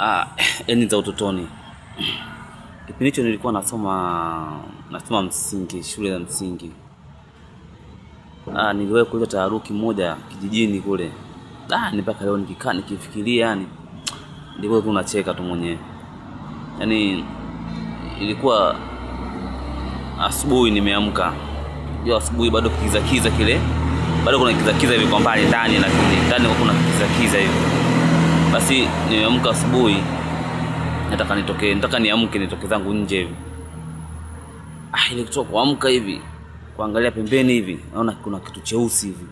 ah, yaani za utotoni kipindi hicho nilikuwa nasoma nasoma msingi, shule za msingi. Ah, niliwahi kuita taharuki moja kijijini kule. Ah, ni mpaka leo nikikaa nikifikiria, yani nilikuwa tu nacheka tu mwenyewe. Yaani ilikuwa asubuhi nimeamka. Hiyo asubuhi bado kiza kile. Bado kuna kiza hivi kwa mbali ndani na ndani kuna kiza hivi. Basi nimeamka asubuhi, nataka nitoke, nataka niamke nitoke zangu nje hivi. Ah, ile kitu kuamka hivi, kuangalia pembeni hivi, naona kuna kitu cheusi hivi.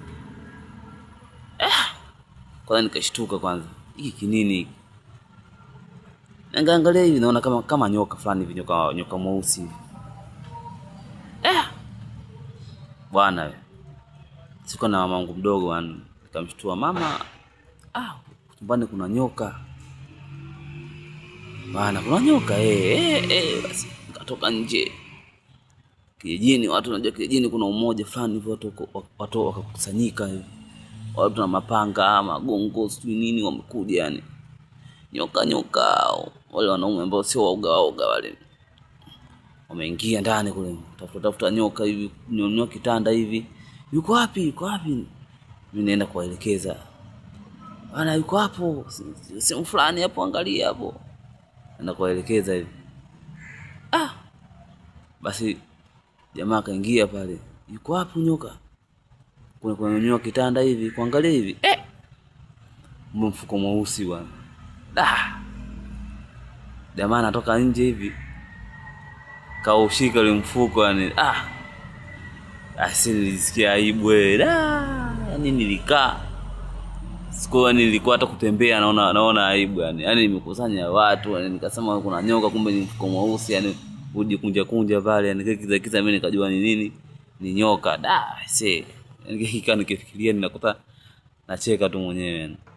Ah, kwanza nikashtuka kwanza, hiki kinini hiki? Nangaangalia hivi, naona kama kama nyoka fulani hivi, nyoka nyoka mweusi hivi. Eh, bwana, siko na mamangu mdogo, yaani, nikamshtua mama ah chumbani kuna nyoka bana, kuna nyoka eh, eh, eh basi nikatoka nje kijijini. Watu najua kijijini kuna umoja fulani hivyo, watu watu wakakusanyika hivi, watu na mapanga magongo, sijui nini, wamekuja yani nyoka nyoka, wale wanaume ambao sio waoga waoga wale wameingia ndani kule, tafuta tafuta nyoka hivi, nyonyoa kitanda hivi, yuko wapi, yuko wapi? Mimi naenda kuwaelekeza ana yuko hapo sehemu fulani hapo, angalia hapo, anakuelekeza hivi. Ah, basi jamaa akaingia pale, yuko hapo nyoka, kuna nyoka kitanda hivi, kuangalia hivi, eh, mfuko mweusi bwana. Da, jamaa anatoka nje hivi, kaushika ule mfuko yani, ah, asi nilisikia aibu Da, yani nilikaa siku yani nilikuwa hata kutembea naona naona aibu yani yani nimekusanya watu yani nikasema kuna nyoka kumbe ni mfuko mweusi yani kujikunja kunja pale yani kiza kiza mimi nikajua ni nini ni nyoka da see yani nikifikiria ninakuta nacheka tu mwenyewe yani